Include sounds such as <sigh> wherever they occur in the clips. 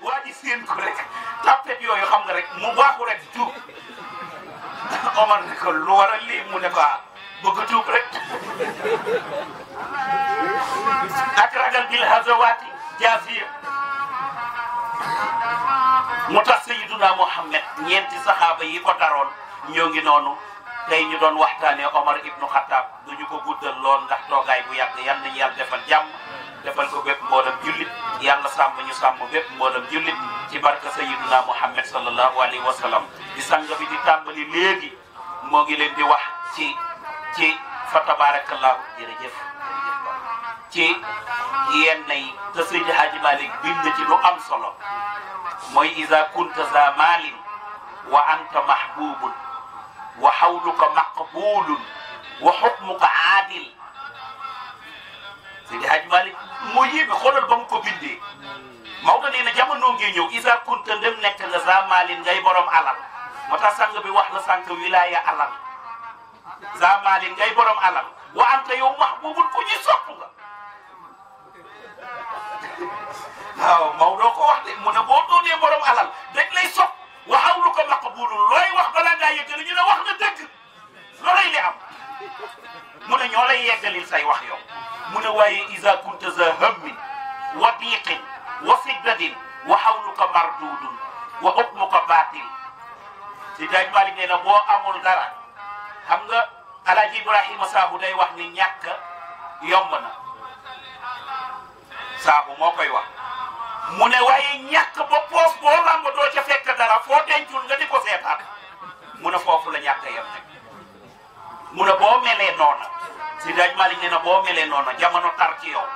waa ji séen ko rek tapet yooyu xam nga rek mu baaxu rek tuub Omar ne ko lu waral lii mu ne ko ah, bëgg a tuub rek ak ragal bil hazawaati jaasiya mu tax Sayyiduna Muhammad ñeenti saxaaba yi ko daroon ñoo ngi noonu tey ñu doon waxtaanee Omar ibnu Xattaab du ñu ko guddal loon ndax toogaay bu yàgg yan nañu yàlla defal jàmm. defal ko bépp mboolam jullit yàlla sàmm ñu sàmm bépp mboolam jullit ci barke sayyiduna muhammad sallallahu alayhi wa di sang bi di tàmbali léegi moo ngi leen di wax ci ci fa tabarakallahu jërëjëf ci yenn yi te Seydi Hadji Malick ci lu am solo mooy iza kunta za maalin wa anta mahbubun wa hawluka maqbulun wa hukmuka aadil Seydi Hadj Malick moo yéeme xoolal ba mu ko bindee Maodo nee na jamono ngi ñëw isa kunta ndem nekk nga za maalin ngay borom alal moo tax sang bi wax la sànq wilaya alal za ngay borom alal wa anta yow mahbubul ku ñuy sopp nga waaw Maodo ko wax de mu ne boo doonee borom alal dañ lay sopp wa qawluka maqbulun looy wax balaa ngaa yëkkali ñu ne wax na dëgg loolay li am mu ne ñoo lay yeggalil say wax yow. mu ne waaye isa kunta za hammi wa diiqin wa siddatin wa xawluka mardudun wa xukmuka baatil si daaj Malick nee na boo amul dara xam nga alaaji ibrahima saabu day wax ni ñàkk yomb na saabu moo koy wax mu ne waaye ñàkk ba poos boo làmb doo ca fekk dara foo dencul nga di ko seetaat mu ne foofu la ñàkk yem mu ne boo melee noona si daj Malick nee na boo melee noonu jamono tar ci yow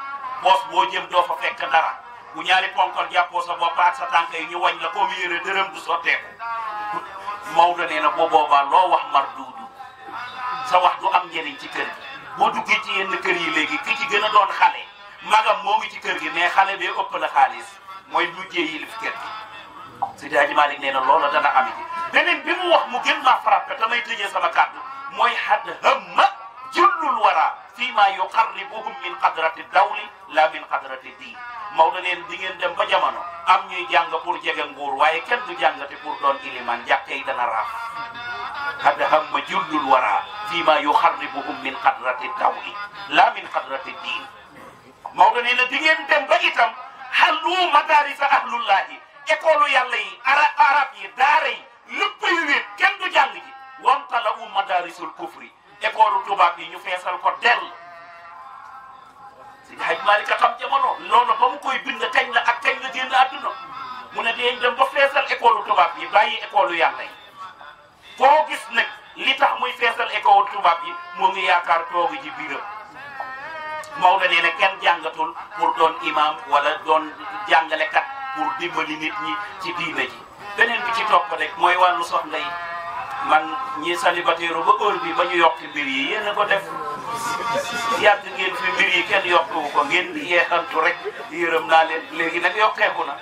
boos boo jëm doo fa fekk dara bu ñaari ponkal jàppoo sa bopp ak sa tànk yi ñu wañ la comme yére dërëm du sotteeku Maodo nee na boo boobaa loo wax mar duudu sa wax du am njëriñ ci kër gi boo duggee ci yenn kër yi léegi ki ci gën a doon xale magam moo ngi ci kër gi mais xale bee ëpp la xaalis mooy mujjee yilif kër gi Seydi Hadji Malick nee na loola dana am ci bi mu wax mu gën maa frappé sama kàddu mooy jëllul wara fii maa yuqarribuhum min xadrati dawli la min xadrati diin Maodo neen di ngeen dem ba jamono am ñuy jàng pour jege nguur waaye kenn du jàngate pour doon iliman jàkkee dana raaf. qad hamma jullul wara fii maa yuqarribuhum min xadrati dawli la min xadrati diin Maodo nee na di ngeen dem ba itam xallu madarisa ahlullahi école yàlla yi ara arab yi daara yi lépp yu wéet kenn du jàng ji wantalawu madarisul kufri école tubaab yi ñu feesal ko dell si xaj Maalik ka xam jamono loolu ba mu koy bind kañ la ak kañ la génn àdduna mu ne dinañ dem ba feesal école tubaab yi bàyyi école yàlla yi koo gis nag li tax muy feesal école tubaab yi moo ngi yaakaar toogu ji biiram Maodo nee na kenn jàngatul pour doon imam wala doon jàngalekat pour dimbali nit ñi ci diine ji beneen bi ci topp rek mooy wàllu soxna yi. man ñii célibataire ba heure bi ba ñu yokk mbir yi yéen a ko def yàgg ngeen fi mbir yi kenn yokkuwu ko ngeen yeexantu rek yërëm naa leen léegi nag yokkeeku na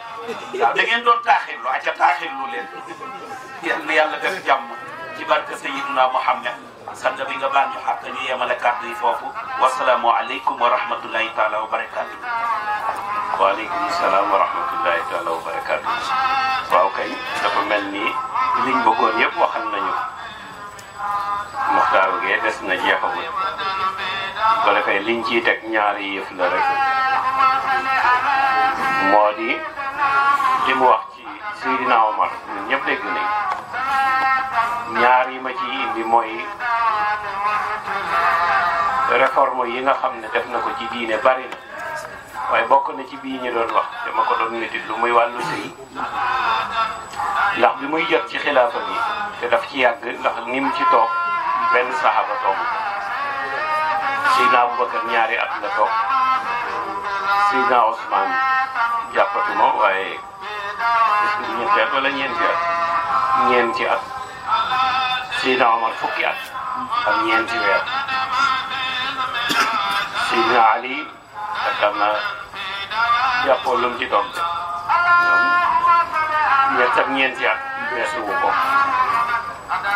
waaw da ngeen doon taaxil lu acca taaxil lu leen yal na yàlla def jàmm ci barke Sayyidina Muhammad sant bi nga baal ñu xàq ñu yemale kàddu yi foofu wasalaamu aleykum wa rahmatullahi taala wa barakaatu. waaleykum salaam wa rahmatullahi taala wa barakaatu. waaw kay dafa mel ni. liñ bëggoon yëpp waxal nañu muxtaaru gee des na jeexagul bu ko defee liñ ciy teg ñaari yëf la rek moo di li mu wax ci Seydina Omar ñun dégg nañ ñaar yi ma ci indi mooy réforme yi nga xam ne def na ko ci diine bari na waaye bokk na ci bii ñu doon wax dama ko doon métit lu muy wàllu sëy ndax bi muy jot ci xilaafa bi te daf ci yàgg ndax ni mu ci toog benn saxaaba toog Seydina Abubakar ñaari at la toog Seydina Ousmane jàppatuma waaye est-ce que ñetti at wala ñeenti at ñeenti fukki at ak ñeenti weer Ali ak na jàppoon mu ci toog ñett ak ñeenti at weesu wu ko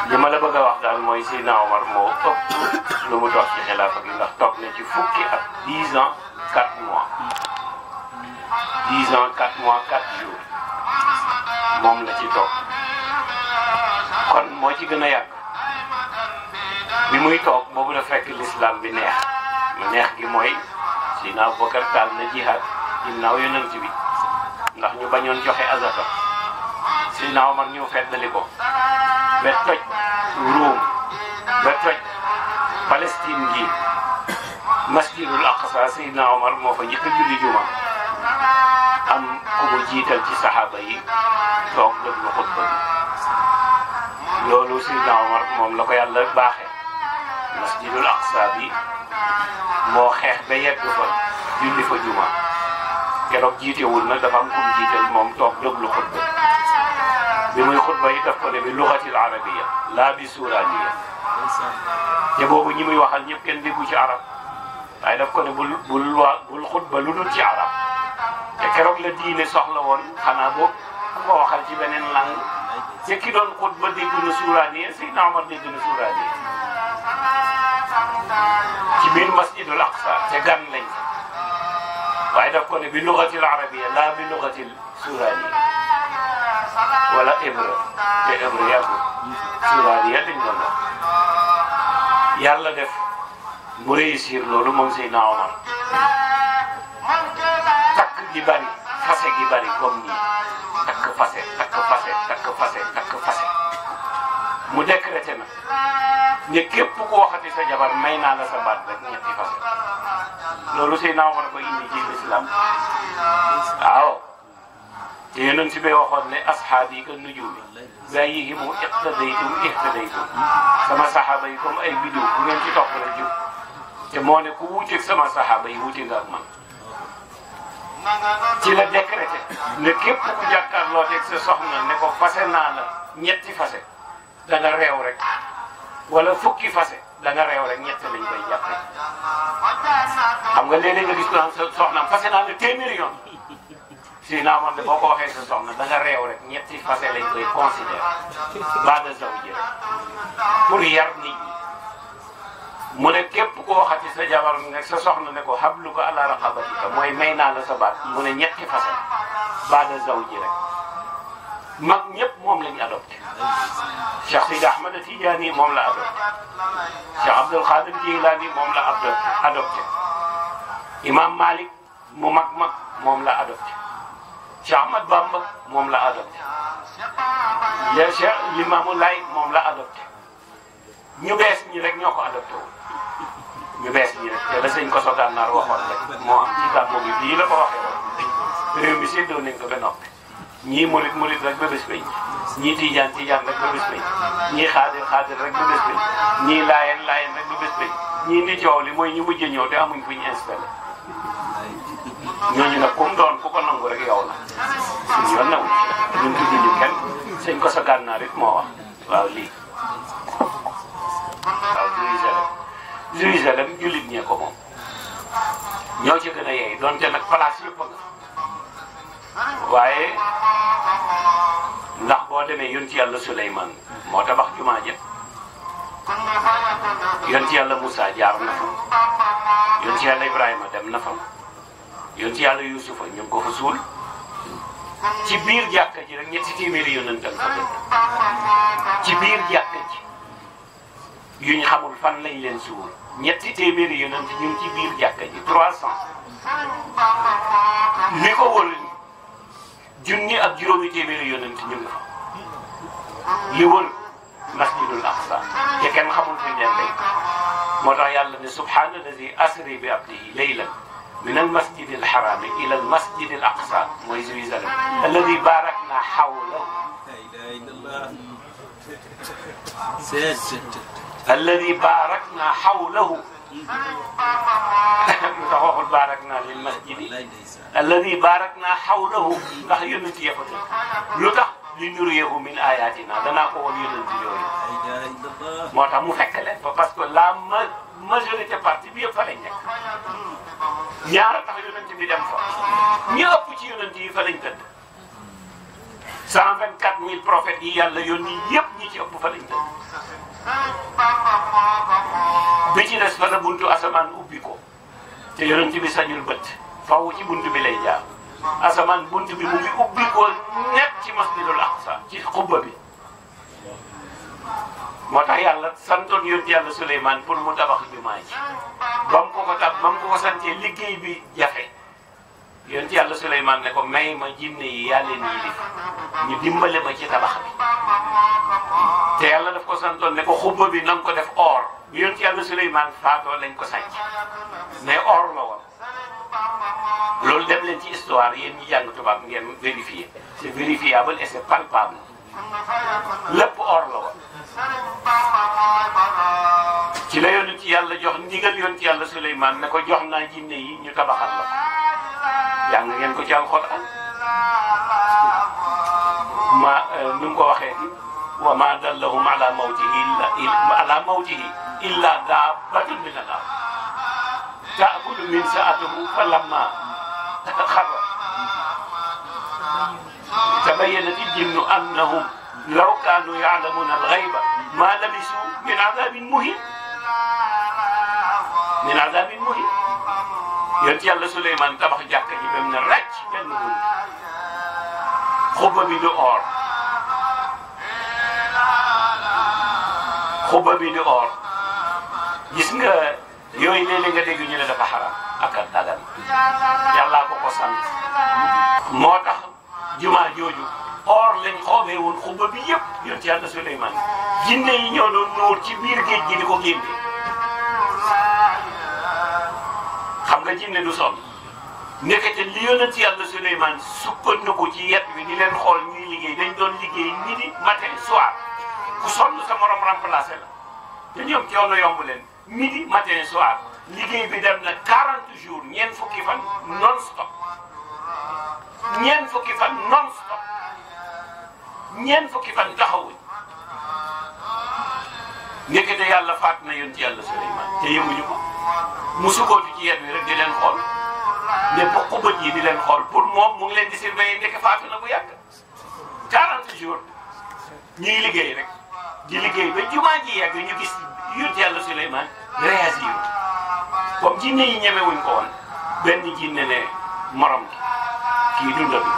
li ma la bëgg wax daal mooy Seydina Omar moo ëpp lu mu dox ci xilaafa gi ndax toog na ci fukki ak 10 ans 4 mois 10 mois 4 jours moom la ci toog kon moo ci gën a yàgg bi muy toog boobu la fekk l'islam bi neex mu neex gi mooy Seydina Abubakar taal na jihaad ginnaaw yonent bi ndax ñu bañoon joxe azaka Seydina Omar ñëw feddali ko ba toj Ruum ba toj Palestine gi masjidul Aqsa Seydina Omar moo fa njëkk a julli juma am ku jiital ci saxaaba yi toog déglu xutba bi loolu Seydina Omar moom la ko yàlla baaxee masjidul Aqsa bi moo xeex ba yegg fa julli fa juma keroog jiitewul na dafa am ku jiital moom toog déglu xutba bi muy xutba yi daf ko ne bi luxatil arabiya laa bi suraniya te boobu ñi muy wax waxal ñëpp kenn déggu ci arab waaye daf ko ne bul bul waa bul xutba lu dul ci la diine soxla woon xanaa boobu wax ko waxal ci beneen langue te ki doon xutba dégg na suraniya Seydina Omar dégg na suraniya ci biir masjidul aqsa te gan lañ waaye daf ko ne bi luxatil arabiya laa bi luxatil suraniya wala Ibra te Ibra yàggul suuraani ya dañ doon def yàlla def mu réussir loolu moom Seydina Omar takk gi bari fase gi bari comme nii takk fase takk fase takk fase takk fase mu décrété na ne képp ko waxati sa jabar may naa la sa baat rek ñetti fase loolu Seydina Omar ko indi ci lislaam waaw te si bi waxoon ne asxaab yi ka nujuumi zayyihimu iqtadaytum ihtadaytum sama saxaaba yi comme ay vidéo bu ngeen ci topp rek jub te moo ku wuuteeg sama saxaaba yi wuute nga ak man ci la décrété ne képp ku jàkkaarloo teg sa soxna ne ko fase naa la ñetti fase da nga réew rek wala fukki fase da nga réew rek ñett lañ koy jàppe xam nga léeg-léeg nga gis ko soxnaam fase naa la téeméeri fii naa moom boo ko waxee sa soxna da nga réew rek ñetti fase lañ koy considéré baada zawja pour yar nit ñi mu ne képp koo xati sa jabar ne sa soxna ne ko hablu ko ala raqabatika mooy may naa la sa baat mu ne ñetti fase baada zawji rek mag ñëpp moom la ñu adopté Cheikh Sidi Ahmad Tijaani moom la adopté Cheikh Abdul Xaadir Jilaani moom la adopté Imam Malik mu mag mag moom la adopté Cheikh Ahmad Bamba moom la adopté les Cheikh Limaamu Laay moom la adopté ñu bees ñi rek ñoo ko adopté woon ñu bees ñi rek te la sëñ Koso Gànnaar waxoon rek moo ci gàmmu gi bii la ko waxee woon réew mi séddoo nañ ko ba ñii murit murit rek ba bés bay ñii tijaan tijaan rek ba bés bay ñii xaadir xaadir rek ba bés bay ñii laayeen laayeen rek ba bés bay ñii ndi coow mooy ñu mujj ñëw te amuñ fu ñu installé ñooñu nag ku doon ku ko nangu rek yow suñu yoon na ñun tudd ñu kenn sëñ ko sa gànnaar it moo wax waaw lii waaw Jérusalem Jérusalem jullit ñee ko moom ñoo ci gën a yeey donte nag place yëpp waaye ndax boo demee yoon yonent yàlla Suleymaan moo tabax jumaa yoon ci yàlla musa jaar na fa yonent yàlla Ibrahima dem na fa yonent yàlla Yuusufa ñu ngi ko fa suul ci biir jàkka ji rek ñetti téeméeri yonentam fa ci biir jàkka ji yuñ xamul fan lañ leen suul ñetti téeméeri yonent ñu ngi ci biir jàkka ji trois cent li ko wër junni ak juróomi téeméeri yonent ñu ngi fa li wër masjidul aqsa te kenn xamul fi ñu leen lay moo tax yàlla ne subhaana allazi asri bi abdihi laylan min al masjid al haram ila al masjid al aqsa mooy Jérusalem alladi barakna hawlahu alladi barakna hawlahu ndax waxul barakna lil masjid alladi barakna hawlahu ndax yónni ci yëpp lu tax li nuriyahu min ayatina ah. dana ko woon yonent ah. moo tax mu fekk leen fa parce que la majorité parti bi yëpp fa lañ nekk ah, ñaara tax yonent bi dem fa ñi ëpp ci yonent yi fa lañ tëdd cent vingt quatre mille prophètes yi yàlla yónni yëpp ñi ci ëpp fa lañ tëdd bi ci des fa la buntu asamaan ubbi ko te yonent bi sañul bët faw ci bunt bi lay jaar asamaan buntu bi mu ak ci masjidul aqsa ci xubba bi moo tax yàlla santoon yónni yàlla Souleymane pour mu tabax bi ji ba mu ko ko tab ba mu ko ko santee liggéey bi jafe yónni yàlla Souleymane ne ko may ma jinne yi yaa leen yilif ñu dimbale ma ci tabax bi te yàlla def ko santoon ne ko xubba bi nang ko def or yónni yàlla Souleymane faatoo lañ ko sànc mais or la loolu dem leen ci histoire yéen ñi jàng tubaab ngeen vérifier c'est vérifiable et c'est palpable lépp or la woon ci la yonent ci yàlla jox ndigal yonent ci yàlla Suleymaan ne ko jox naa jinne yi ñu tabaxal la ko jàng ngeen ko ci alxuraan ma euh, nu mu ko waxee ni wa ma dallahum ala mawtihi illa ala mawtihi min saatahu fa lamma xarra tabayyanat al-jinnu annahum law kaanu ya'lamuna al-ghayba ma labisu min adabin muhin min adabin muhin yéen ci yàlla Souleymane tabax jàkka ji ba mu ne ràcc kenn wuñ xuba bi du or xuba bi du or gis nga. yooyu léeg-léeg nga dégg ñu ne dafa xaram ak ko ko sant moo tax jumaa jooju or lañ xoobee woon xubba bi yépp yor ci yàlla Suleymaan jinne yi ñoo doon nuur ci biir géej gi di ko génne xam nga jinne du sonn nekkete li yonent yàlla Suleymaan sukkandiku ci yet bi di leen xool ñuy liggéey dañ doon liggéey midi matin soir ku sonn sa morom remplacé la te ñoom coono yomb leen midi matin soir liggéey bi dem na 40 jours ñeent fukki fan non stop ñeent fukki fan non stop ñeent fukki fan taxawuñ ndekete yàlla faat na yoon ci yàlla Suleymaan te yëguñu ko mu sukkootu ci yet wi rek di leen xool ne bokk bët yi di leen xool pour moom mu ngi leen di surveiller ndeke faatu na bu yàgg 40 jours ñuy liggéey rek di liggéey ba jumaa ji yàgg ñu gis yoon ci yàlla Suleymaan réagir comme jinne yi ñeme wuñ ko woon benn jinne ne morom kii dunda bi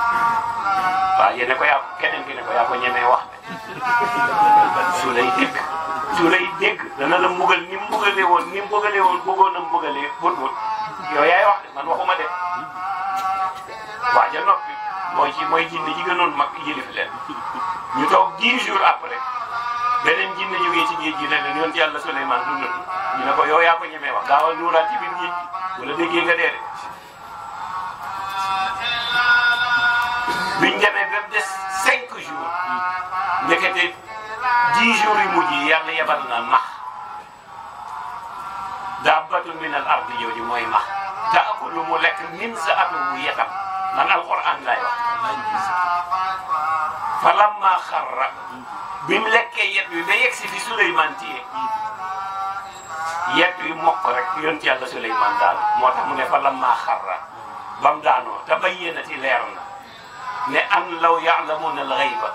waaw yéen ko yaa keneen ki ko yaa ko ñemee wax <laughs> su lay dégg su lay dégg dana la mbugal ni mu mbugalee woon ni mu mbugalee woon bëggoon na mbugalee bët bët yow yaay wax de man waxuma de waaja noppi mooy ci mooy jinne ji gënoon mag yëlif leen ñu toog dix jours après beneen jinne jógee ci géej gi ne leen yonent yàlla Suleymaan dund ñu ne ko yow yaa ko ñemee wax gaawal nuuraat ci biir géej gi wala déggee nga dee biñ demee ba mu des cinq jours ndekete dix jours yu mujj yi yàlla yebal na max daabbatun minal ardi jooju mooy max taakulu mu lekk min sa atu bu yetam man alquran laay wax fa lamma xarra bi mu lekkee yet wi ba yegg si fi Souleymane téye yet wi mokk rek yonent yàlla Souleymane daal moo tax mu ne fa lamma xarra ba mu daanoo te bayyanati leer na ne an law yaalamuuna al xayba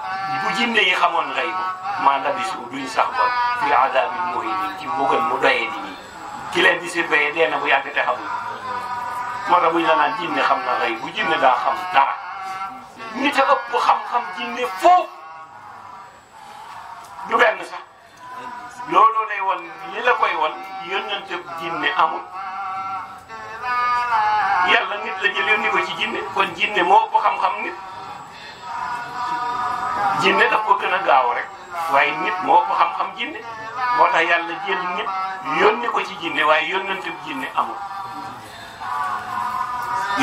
bu jinne yi xamoon xayba maa labisu duñ sax ba fi adaabin muhiin ci mbugal mu doyee di ñi ki leen di surveiller dee na bu yàgg te xamul moo tax buñ la naan jinne xam na xëy bu jinne daa xam dara nit a ëpp xam-xam jinne foofu du benn sax looloo lay wan li la koy wan yónnante jinne amul yàlla nit la jël yónni ko ci jinne kon jinne moo ëpp xam-xam nit jinne daf ko gën a gaaw rek waaye nit moo ëpp xam-xam jinne moo tax yàlla jël nit yónni ko ci jinne waaye yónnante jinne amul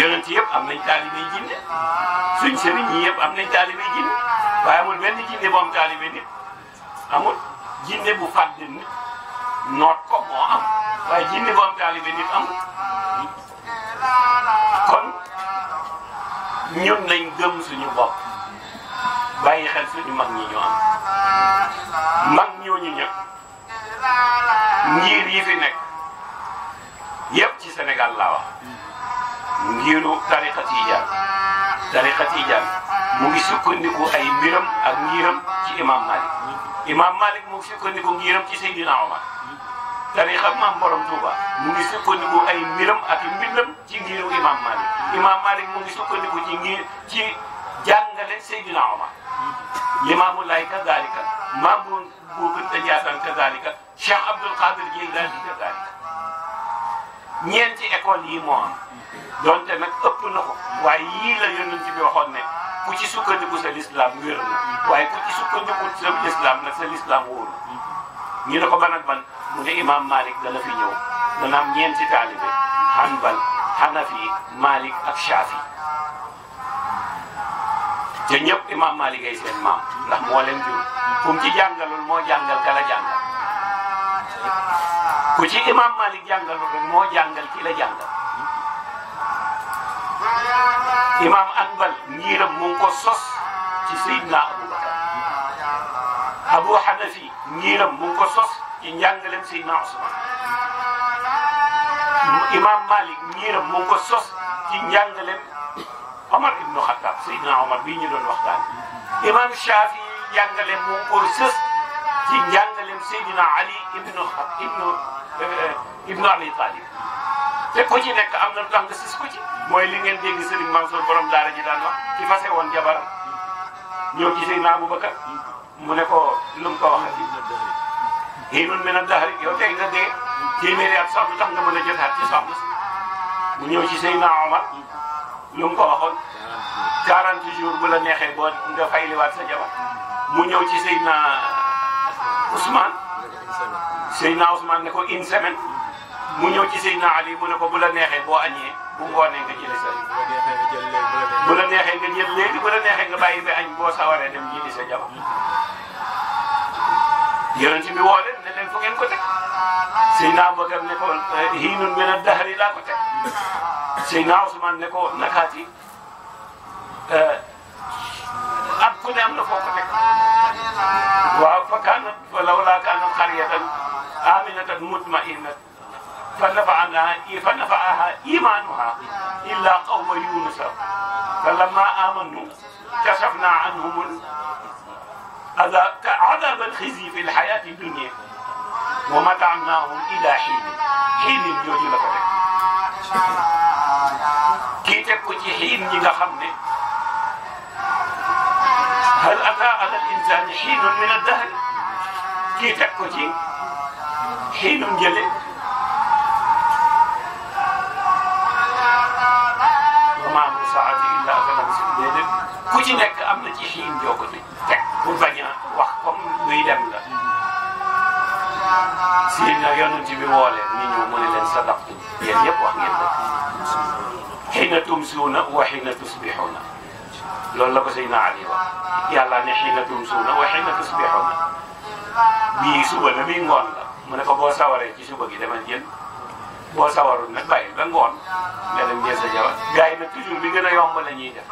yonent yëpp am nañ taalibey jinne suñ sëriñ ñi yëpp am nañ taalibey jinne waaye amul benn jinne bu am taalibe nit amul jinne bu fàdd nit noot ko moo kon ñun nañ gëm suñu bopp bàyyi xel suñu mag ñi ñu am mag ñooñu ñëpp ngir yi fi nekk yëpp ci senegal laa wax ngiru tariqa tijaan tariqa tijaan mu ngi sukkandiku ay mbiram ak ngiram ci imam malik imam malik mu ngi sukkandiku ngiram ci Seydina Omar tariqa maam borom Touba mu ngi sukkandiku ay mbiram ak mbindam ci ngiru imam malik imam malik mu ngi sukkandiku ci ngir ci jàngale Seydina Omar limaamu laay kadalika maam bu bu gën a jaataan kadalika Cheikh Abdul Qadir Jilani kadalika ñeenti école yi moom am donte nag ëpp na ko waaye yii la yonent bi waxoon ne ku ci sukkandiku sa lislaam wér na waaye ku ci sukkandiku sa lislaam nag sa lislaam wóolu ñu ne ko ban ak ban mu ne imam Malik dana fi ñëw dana am ñeenti taalibe Hanbal Hanafi Malik ak Shafi te ñëpp imam Malik ay seen maam ndax moo leen jur fu mu ci jàngalul moo jàngal kala jàngal ku ci imam Malik jàngalu rek moo jàngal ki la jàngal imam Anbal ngiram mu ngi ko sos ci Seydina Aboubacar Abou Hanafi ngiram mu ngi ko sos ci njàngaleem Seydina Ousmane Malik ngiram mu ngi sos ci njàngaleem Omar ibnu Khattab Seydina Omar mu ngi ci njàngaleem Seydina Ali ibnu ibnu eh, ibnu Abi Talib te ku ci nekk am na lu tax nga sis ku ci mooy li ngeen dégg Serigne Mansour borom daara ji daan wax ci fase woon jabaram ñëw ci Seydina Aboubacar mu ne ko lu mu ko waxati yii nun mi na dahri yow tey nga dee téeméeri at sax lu tax nga mën a jotaat ci soxna si mu ñëw ci Seydina Omar lu mu ko waxoon 40 jours bu la neexee boo nga fayliwaat sa jabar mu ñëw ci Seydina Ousmane Seydina Ousmane ne ko une semaine mu ñëw ci Seydina Ali mu ne ko bu la neexee boo añee bu ngoonee nga jëlee sa bu la neexee nga jël léegi bu la neexee nga bàyyi ba añ boo sawaree dem jëli sa jabar yonent bi woo leen ne leen fu ngeen ko teg Seydina Abubakar ne ko eh, hiinun min ad-dahri laa ko teg Seydina Ousmane ne ko nakaati eh, at ku ne am na foo ko teg waaw fa kaanat fa lawlaa kaanat qaryatan aaminatan mutma'innatan fa nafa'ahaa iimaanuhaa illaa qawma yuunusa falammaa aamanuu kashafnaa anhumul azaabal xizyi fil hayaati dunyaa wa mata'naahum ilaa hiinin hiinin jooju la ko teg kii teg ko ci hiin ñi nga xam ne. hal ataa ala al insani xiinun min addahri kii teg ko ci xiinum jële maamu saati illa kalam si déedéet ku ci nekk am na ci xiin joo ko teg pour bañ a wax comme luy dem la si na yonent bi woo leen ñu mu ne leen sadaqtu yéen yëpp wax ngeen dëgg xiina tumsuuna wa xiina tusbixuuna loolu la ko Seydina Ali wax yàlla ne xiina tumsuuna wa xiina tusbixuuna bii suba la bi ngoon la mu ne ko boo sawaree ci suba gi demal jël boo sawarul nag bàyyi ba ngoon nga dem jël sa jabar gars yi nag bi gën a yomba la ñuy def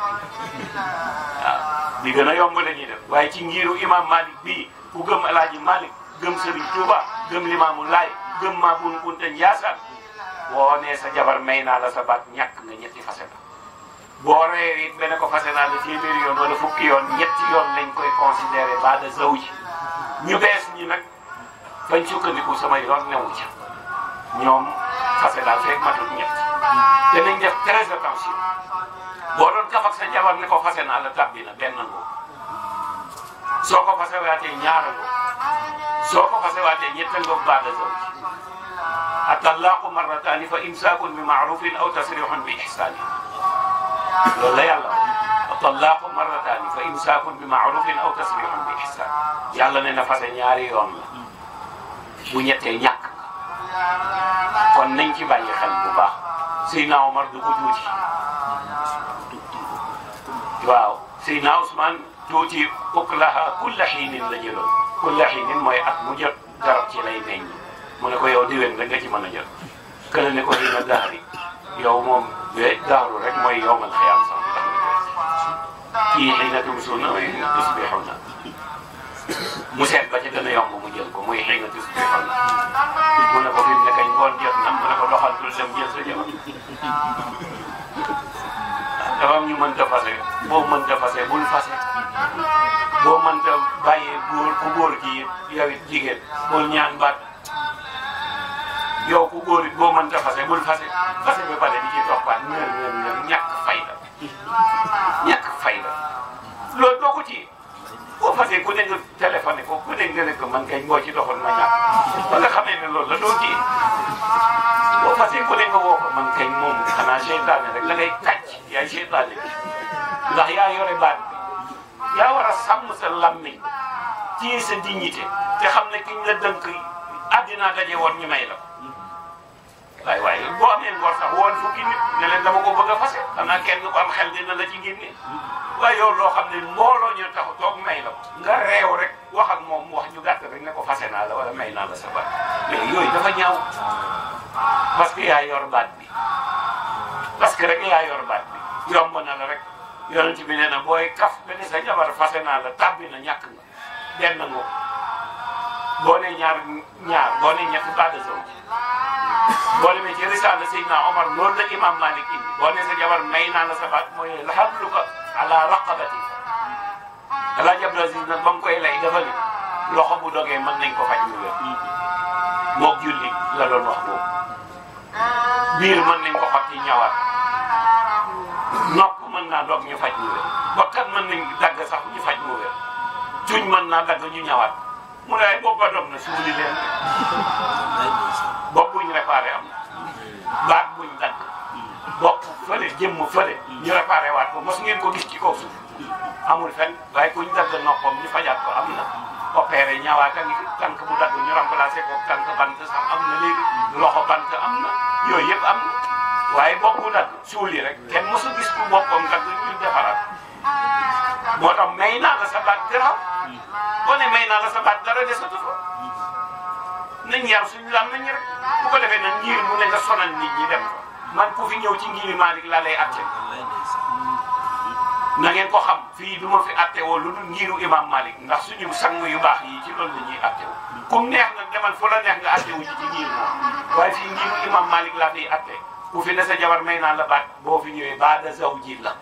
bi gën a yomb la ñuy def waaye ci ngiru imam Malik bii ku gëm El Hadj Malik gëm Serigne Touba gëm Limaamu Laay gëm Maamun Kunta Njaasaan woo nee sa jabar may naa la sa baat ñàkk nga ñetti fase la boo reyee it ne ko fase naa la téeméeri yoon wala fukki yoon ñetti yoon lañ koy considéré baada zaw ji ñu bees ñi nag bañ sukkandiku sama yoon newu ci ñoom fase daal fekk ma ñett danañ def très attention boo doon kaf ak sa ne ko fase naa la tàbbi na benn ngoo soo ko fase waatee ñaar ngoo a ko fase waatee ñett ngoo baada zaw ji at-talaaqu marrataani fa imsaakun bi ma'ruufin aw tasriihun bi ihsaanin loolu la yàlla wa talaaqu marrataani fa imsaakun bi maarufin aw tasrihun bi ihsaan yàlla ne na fase ñaari yoon la bu ñettee ñàkk kon nañ ci bàyyi xel bu baax Seydina Omar du ko tuuti waaw Seydina Ousmane tuuti uklaha kulla xiinin la jëloon kulla xiinin mooy at mu jot garab ci lay meññ mu ne yow diwén nga ci mën a jot kële yow moom yooyu daaru rek mooy yow man xëy na sax ndax kii xëy na tudd suuna waaye tudd bi xaw na mu seet ba ca gën a yomb mu jël ko muy xëy na tudd bi xaw na mu ne ko fi mu ne kañ ngoon jot na mu ne ko doxal tudd dem jël sa jabar dafa am ñu mënta fase boo mënta fase bul fase boo mënta bàyyee góor ku góor gi yow it jigéen bul ñaan baat. góor it boo mënta fase bul fase fase ba pare di ci toppaat ñër ñër ñër ñàkk fayda ñàkk fayda loolu fase ku ne nga téléphoné ko man kay moo ci ma ñàkk ba nga xamee ne loolu la doo ci fase ku ne woo ko man kay moom xanaa la ngay tàcc yaay seytaane bi ndax yaa yore yaa war a sàmm sa lammiñ ci sa dignité te xam ne kiñ la dënk àddinaa daje woon ñu may la waaye waaye boo amee ngor sax woon fukki nit ne leen dama ko bëgg a fase kenn ko am xel dina la ci génne waaye yow loo xam ne mbooloo ñu tax toog may la nga réew rek wax moom wax ñu gàtt rek ne ko fase naa la wala may naa la sa baat mais yooyu dafa ñaaw parce que yaa yor baat bi parce que rek yaa yor baat bi yomb na la rek yonent bi nee na booy kaf ba ne sa jabar fase naa la tàbbi na ñak nga benn nga boo ne ñaar ñaar boo ne ñett boo demee ci risaala Seydina Omar loolu la imam Malik indi boo nee sa jabar may naa la sa baat mooy lahabluka ala koy lay dafa loxo bu dogee mën nañ ko faj mu wér moog julli la doon wax boobu biir mën nañ ko xotti ñawar nopp mën naa dog ñu faj mu wér bakkan mën nañ dagg sax ñu faj mu wér tuñ mën naa dagg ñu ñawaat mu ne ay bopp na suuli leen bopp bu ñu réparé am na baat bu ñu dagg bopp fële jëmm fële ñu réparé waat ko mos ngeen ko gis ci kaw amul fen waaye ku ñu dagg noppam ñu fajaat ko am na opéré ñawaat a ngi tànk bu dagg ñu remplacé ko tànk bant sax am na léegi loxo bant am na yooyu yëpp am na waaye bopp bu dagg suuli rek kenn mosu gis ku boppam dagg ñu defaraat moo tax may naa la sa baat dara boo ne may naa la sa baat dara desatu fa nañ yar suñu lam rek bu ko defee nag ngir mu ne nga sonal nit ñi dem man ku fi ñëw ci ngiri Malick laa lay atte na ko xam fii du ma fi atte woo lu dul ngiru imam Malick ndax suñu sang yu baax yi ci loolu la ñuy atte neex nag demal fu la neex nga ku fi ne sa jabar may naa la baat boo fi ñëwee baada zaw ji la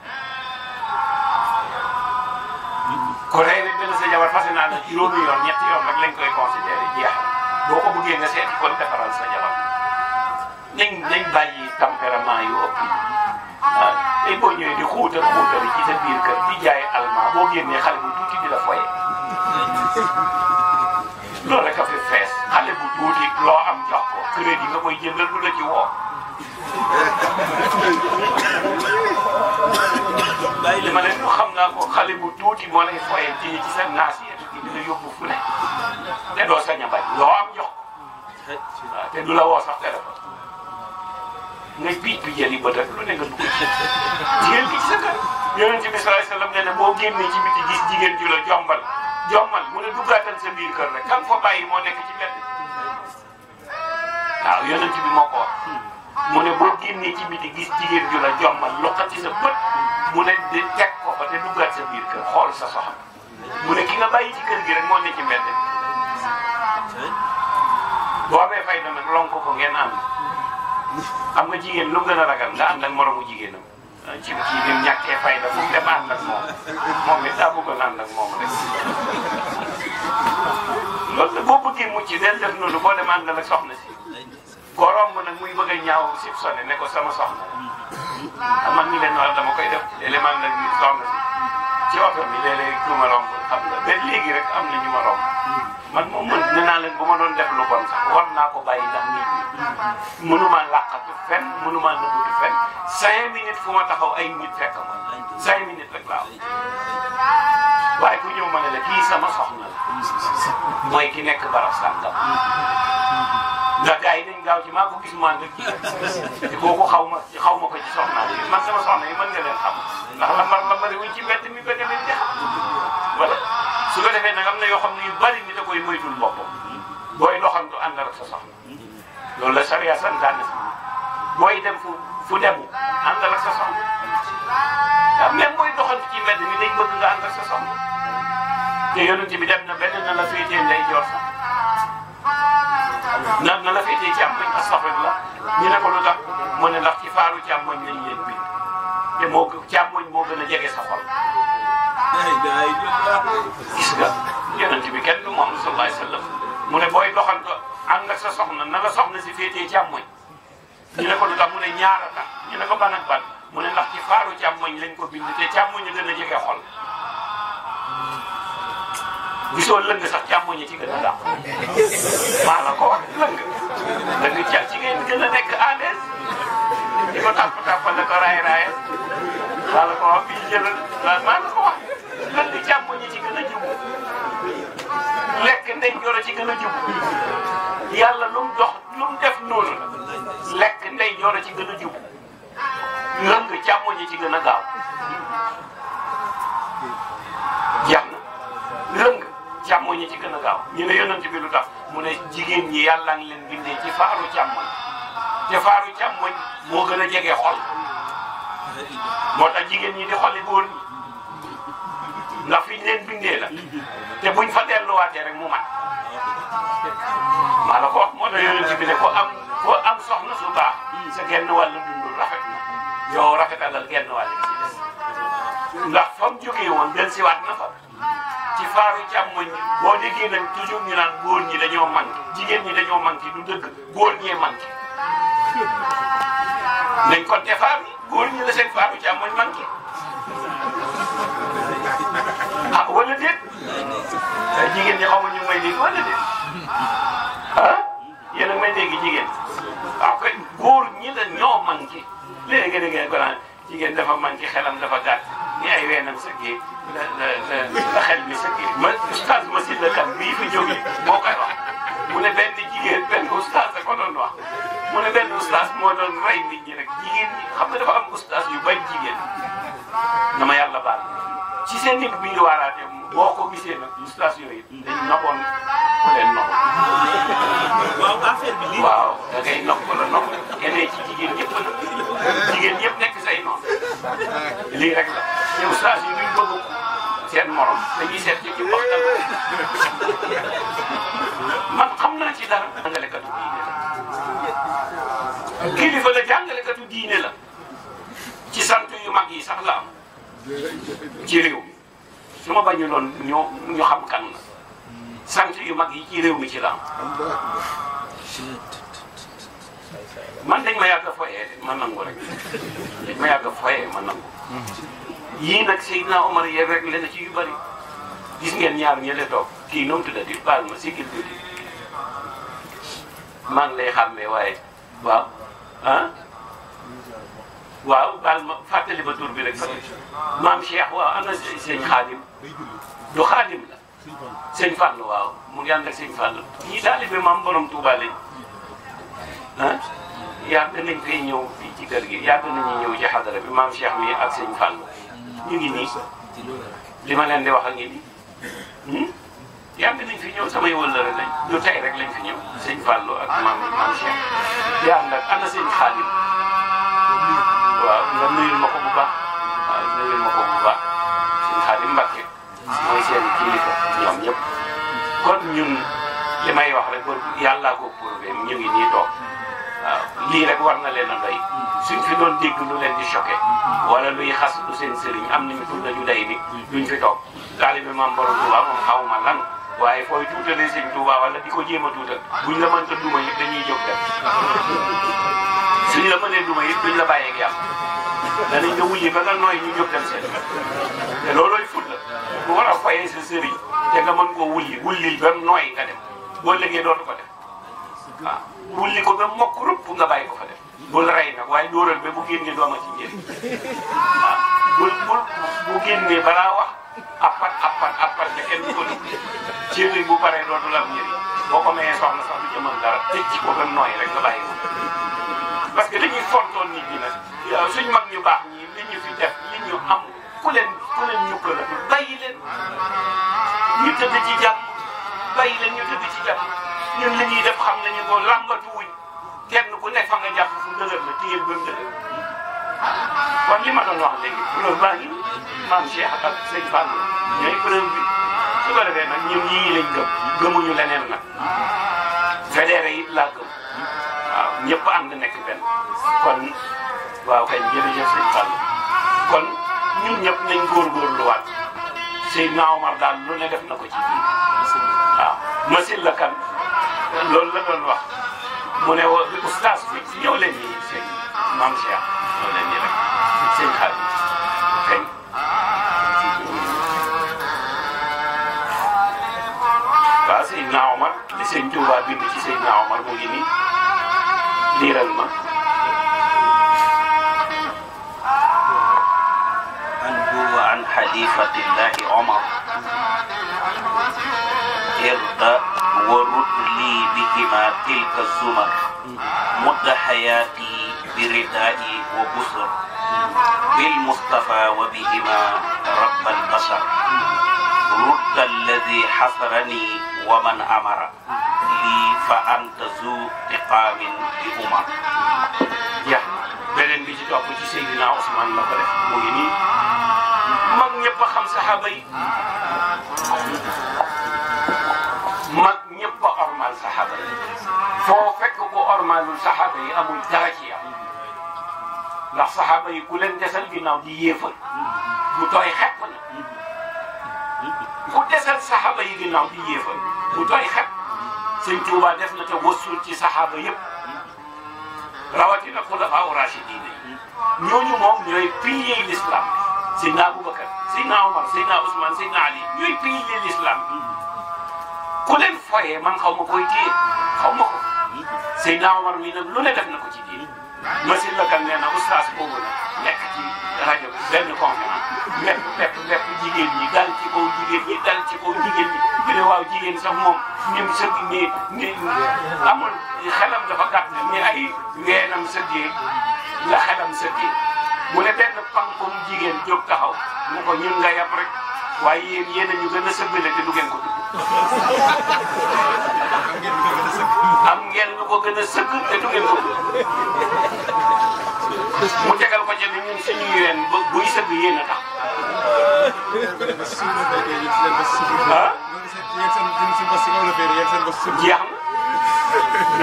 ko rey rek dana sa jabar fase naa la juróomi yoon ñetti yoon rek lañ koy considéré jeex boo ko bëggee nga seeti kon defaral sa jabar nañ nañ bàyyi tempérament yu ëpp yi ah, di xuutal xuutal ci biir kër di jaay almaa boo génnee xale bu tuuti di la foyee loolu rek fees xale bu tuuti loo am jox ko crédit nga koy jëndal lu la ci woo. li ma leen xam naa ko xale bu tuuti moo lay foyee ci ci sa la yóbbu fu ne te doo sañ a loo am jox du la woo sax téléphone ngay biij bi jëli ba def lu ne nga dugg jigéen gi ne boo génnee ci biti gis jigéen ju la jombal jombal mu ne duggaatal sa biir kër rek kan moo nekk ci benn waaw yonent bi moo ko wax mu ne boo génnee ci biti gis jigéen ju la jombal loxati sa bët mu ne di teg ko fa te sa biir kër xool sa soxna mu ne ki nga bàyyi ci kër gi rek moo ne ci mbedd boo amee fayda nag lonk ko ngeen ànd am nga jigéen lu mu gën a ragal nga ànd ak moromu jigéenam ci ci dem ñàkkee fayda fu mu dem ànd ak moom moom it daa bëggoon ànd ak moom rek loolu boo bëggee mucc del def noonu boo dem àndal ak soxna si koo romb nag muy bëgg a ñaaw si sonné ne sama soxna la man mi leen wax dama koy def élément la soxna si ci oto bi léeg-léeg du ma romb xam nga ba rek am na ñu ma romb man moom mën nee naa leen bu ma doon def lu bon sax war naa ko bàyyi ndax nit ñi mënuma làqatu fenn mënuma nëbbatu fenn cinq minutes fu ma taxaw ay nit fekk ma cinq minutes waaye ku ñëw ma ne la kii sama soxna la mooy ki nekk barab sàngam ndax gars yi dañ gaaw ci maa ko gis maan dëkk te kooku xaw ma xaw ma ko ci soxna yi man sama soxna yi mën nga leen xam ndax la mar la mari ci mbedd mi bëgg leen di xam su ko defee nag am na yoo xam ne yu bari ni da koy moytul boppam booy doxantu ànd ak sa soxna loolu la sariya santaane booy dem fu fu demu ànd ak sa soxna booy doxantu ci mbedd mi dañ bëgg nga te yonent bi dem na benn na la féetee ndey joor sax na na la féetee càmmoñ astaxfirullah ñu ne ko lu tax mu ne ndax ci faaru càmmoñ lañ leen bind te moo càmmoñ moo gën a jege sa xol gis nga yonent bi kenn du moom sallallahu alayhi wa sallam mu ne booy doxantu ànd ak sa soxna na la soxna si féetee càmmoñ ñu ne ko lu tax mu ne ñaar a tax ñu ne ko ban ak ban mu ne ndax ci faaru càmmoñ lañ ko bind te càmmoñ a gën a jege xol gisoo lëng sax càmmoñ ci gën a dàq maa la ko wax lëng lëng ca jigéen gën a nekk à l'aise di ko tàpp tàppal la ko raay maa la ko wax bii la ko wax ci gën a jubu lekk ndeyjoor ci gën a jubu yàlla lu mu dox lu mu def noonu lekk ndeyjoor ci gën a jubu lëng càmmoñ ci gën a gaaw mooy ñi ci gën a gaaw ñu ne yonent bi lu tax mu ne jigéen ñi yàlla ngi leen bindee ci faaru càmmoñ te faaru càmmoñ moo gën a jege xol moo tax jigéen ñi di xoli góor ñi ndax fi leen bindee la te buñ fa delluwaatee rek mu mat maa la ko moo tax yonent bi ne ko am ko am soxna su baax sa genn wàllu dund rafet na yow rafetalal genn wàll bi ci des ndax fa mu jógee woon dellusiwaat na fa. faaru càmmoñ ñi boo déggee nag toujours ñu naan góor ñi dañoo manqué jigéen ñi dañoo manqué lu dëgg góor ñee manqué nañ ko defaat góor ñi la seen faaru càmmoñ manqué ah wala déet eh, jigéen ñi xamuñ ñu may dégg wala déet ah yéen may dégg jigéen waaw ah, kay góor ñi la ñoo manqué léeg-léeg nga dégg ko naan jigéen dafa manqué xelam dafa gàtt. ni ay weenam sa kii la la la xel bi sa ma man oustaz Massi la kan bii fi jógee moo koy wax mu ne benn jigéen benn oustaz da ko doon wax mu ne benn oustaz moo doon rey nit ñi rek jigéen xam nga dafa am oustaz yu bañ jigéen na ma yàlla baal ci seen nit bi ñu waaraatee boo ko gisee nag oustaz yooyu dañ noboon ku leen waaw affaire bi lii waaw da ngay nob la nob keneen ci jigéen ñëpp la jigéen ñëpp nekk say noon lii rek la yow saa si duñ bëgg seen morom dañuy seet xam naa ci dara jàngalekatu diine la kilifa la jàngalekatu diine la ci sant yu mag yi sax la ci réew mi ma bañu loon ñoo ñu xam kan la sant yu mag yi ci réew mi ci la man dañ ma yàgg a foyee ma nangu rek dañ ma yàgg a foyee nangu. yii nag Seydina Omar yeeg rek lenn ci yu bëri gis ngeen ñaar ñële toog kii nu mu tuddati baal ma si kii tuuti maa ngi lay xàmmee waaye waaw ah. waaw baal ma fàttali ba tur bi rek maam Cheikh waaw ana sëñ xaadim du xaadim la sëñ Fall waaw mu ngi ànd ak sëñ Fall ñii taalibe maam borom Touba lañ. ah yàgg nañ fee ñëw fii ci kër gi yàgg nañu ñëw ci xadara bi maam Cheikh mi ak sëñ Fall ñu ngi li ma leen di wax a ngi nii hmm? yàgg nañ fi ñëw samay wëllëre lañ ñu tey rek lañ fi ñëw sëñ Fall ak maam maam Cheikh yaa nag ana sëñ Xaadim waaw nga nuyul ma ko bu baax waaw nuyul ma ko bu baax sëñ Xaadim Mbàkke mooy seen kilifa ñun. li may wax rek yàllaa ko prouvé ñu ngi nii toog lii rek war na leen a doy suñ fi doon dégg lu leen di choqué wala luy xas lu seen am nañu pour nañu day ni duñ fi toog taalibe maam borom Tuuba moom xaw ma lan waaye fooy tuutalee sëñ Tuuba wala di ko jéem a tuutal buñ la mënta duma yëpp dañuy jóg dem suñ la mënee duma yëpp duñ la bàyyee ak nga wujjee ba nga nooy te a fayee sa sëriñ nga mën koo wulli wullil ba nooy nga dem boo liggéey dootu ko def waaw ah, wulli ko ba mokk rupp nga bàyyi ko fa def bul rey nag waaye dóoral ba bu génnee dooma ci njëriñ waaw ah, bul bul bu génnee balaa wax appat appat appat ne kenn ko dugg ci bu paree dootu la am njëriñ boo ko mayee soxna sax du jëmal dara tëj ko ba nooy rek nga bàyyi ko parce que dañuy fontoon nit ñi nag suñ mag ñu baax ñi li ñu fi def li ñu am ku leen ku leen ñukk la bàyyi leen ñu tëdd ci jàpp bàyyi leen ñu tëdd ci jàpp ñun li ñuy def xam nañu ko làmbatu wuñ kenn ku nekk fa nga jàpp fu dëgër la téyel ba dëgër kon li ma doon wax léegi loolu baa ngi maam Cheikh ak sëñ Fall ñooy preuve bi su ko defee nag ñun yii lañ gëm gëmuñu leneen nag fédéré yi laa gëm waaw ñëpp ànd kon waaw kay jërëjëf sëñ Fall Seydina Omar daal lu ne def na ko ci waaw masil la kan loolu la doon wax mu ne wa ustaas bi ñëw leen nii sëñ maam Cheikh ñëw leen nii rek sëñ xaalis kañ waaw Seydina Omar li sëñ Tuubaa ci Seydina Omar mu ngi ma xadiifat illaahi omar irda wa rut lii bihima tilka zumar mudda xayaati biridaa'i wa busr bil mustafa wa bihima rabbal bashar rutta alladi xasarani wa man amara lii fa anta zu tiqaamin bi umar jeex beneen bi ci topp ci Seydina Ousmane la ko def mu ngi nii mag ñëpp a xam saxaaba yi mag ñëpp a ko ormalul saxaaba amul dara ci yam ndax saxaaba yi ku leen desal ginnaaw di yéefal bu tooy xepp na ku desal saxaaba yi ginnaaw di yéefal tooy xepp sëñ Tuuba def na te wasul ci saxaaba yëpp rawatina xulafaa u raashidiin ñooñu moom ñooy pilier l'islam Seydina Aboubacar Seydina Omar Seydina Ousmane Seydina Ali ñooy pays de l'islam ku leen foyee man xaw ma koy téye xaw ma ko Seydina Omar mii nag lu ne def na ko ci diin Massi Lakan nee na oustaz boobu la nekk ci rajo bi benn conférence lépp lépp lépp jigéen ñi dal ci kaw jigéen ñi dal ci kaw jigéen ñi bu ne waaw jigéen sax moom ñoom sëg ni ni amul xelam dafa gàtt ne ni ay weenam sëggee la xelam sëggee. mu ne benn pànkum jigéen jóg taxaw mu ko ñun nga yab rek waaye yéen yéen a ñu gën a sëggale te du ngeen ko tudd. am ngeen ñu ko gën a sëgg te du ngeen ko tudd. mu tegal ko ca bi ñun suñuy ween ba buy sëgg yéen a tax. ah. jeex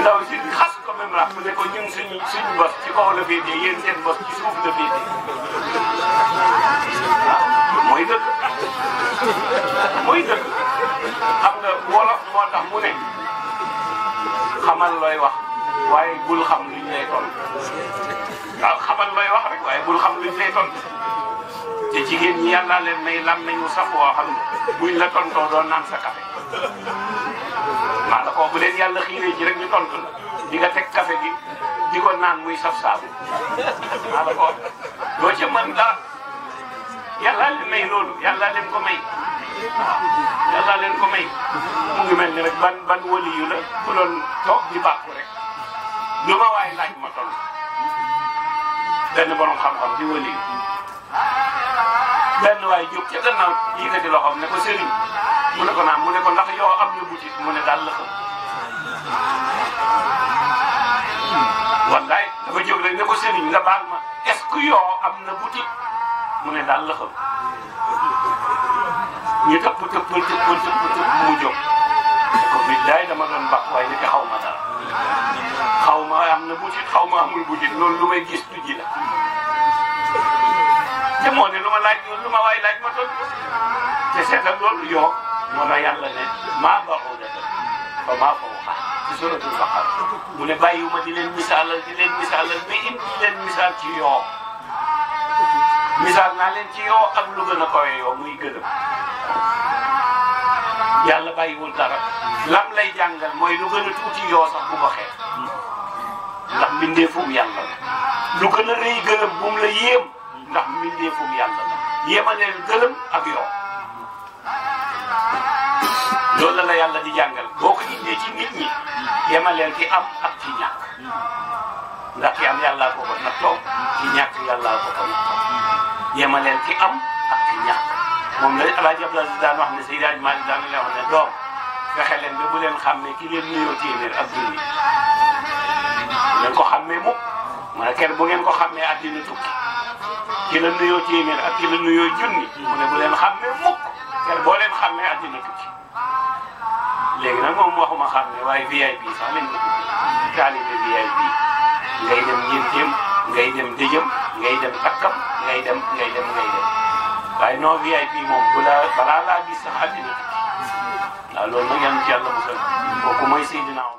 na ndaw si xas. Abdou Baax mu ne ko ñun suñu suñu mbos ci kaw la féetee yéen seen mbos ci suuf la féetee waaw mooy dëgg mooy dëgg xam nga wolof moo tax mu ne xamal looy wax waaye bul xam luñ lay ton waaw xamal looy wax rek waaye bul xam luñ lay ton te jigéen ñi yàlla leen may lam nañu sax woo xam ne buñ la tontoo doon naan sa café maa la ko bu leen yàlla xiiree ci rek ñu tontu la. di nga teg café gi di ko naan muy saf saabu maa la ko doo ca mën dara loolu yàlla leen ko may mu ngi mel ni rek ban ban wali yu la ku doon toog di bàkku rek lu ma waay laaj ma toll borom xam-xam di wali benn waay jóg ca gannaaw yëkkati loxoom ne ko sëriñ mu ne ko naan mu ne ko ndax yoo am na boutique mu ne daal la wallaay dafa jóg rek ne ko sëriñ nga baal ma est ce que yoo am na boutique mu ne daal la xam ñu tëpp tëpp tëpp tëpp mu jóg ne ko billaay dama doon bàq waaye nag xaw ma dara xaw ma am na boutique xaw ma amul boutique loolu lu may gis tuji la te moo ne lu ma laaj lu ma waay laaj ma toll te seetal loolu yoo moo la yàlla ne maa baaxoo dafa ba maa foo waxaa ci suratul baqara mu ne bàyyiwuma di leen misaalal di leen misaalal ba indi leen misaal ci yoo misaal naa leen ci yoo ak lu gën a kawe yoo muy gën yàlla bàyyiwul dara lam lay jàngal mooy lu gën a tuuti yoo sax bu ko xeeb ndax mbindeefum yàlla lu gën a rëy gëlëm bu la yéem ndax mbindeefum yàlla la yéemaleel gëlëm ak yoo loolu la la yàlla di jàngal boo ko indee ci nit ñi yemaleen ki am ak ci ñàkk ndax ki am yàllaa ko ko nattoo ci ñàkk yàllaa ko ko nattoo yemaleen ki am ak ci ñàkk moom la El Hadj Abdoulaye daan wax ne Seydou Hadj Malick daan la wax ne doom fexe leen ba bu leen xàmmee ki leen nuyoo téeméer ak junni bu ko xàmmee mukk mu bu ngeen ko xàmmee addina tukki ki la nuyoo téeméer ak ki la nuyoo leen xàmmee mukk kenn boo leen xàmmee addina tukki. léegi nag moom waxuma xam ne waaye VIP sax lañ ko tudd taalibe VIP ngay dem njënteem ngay dem dëjëm ngay dem takkam ngay dem ngay dem ngay dem waaye non VIP moom bu la balaa laa gis sax àddina waaw loolu nag yàlla na ci yàlla musal kooku mooy Seydina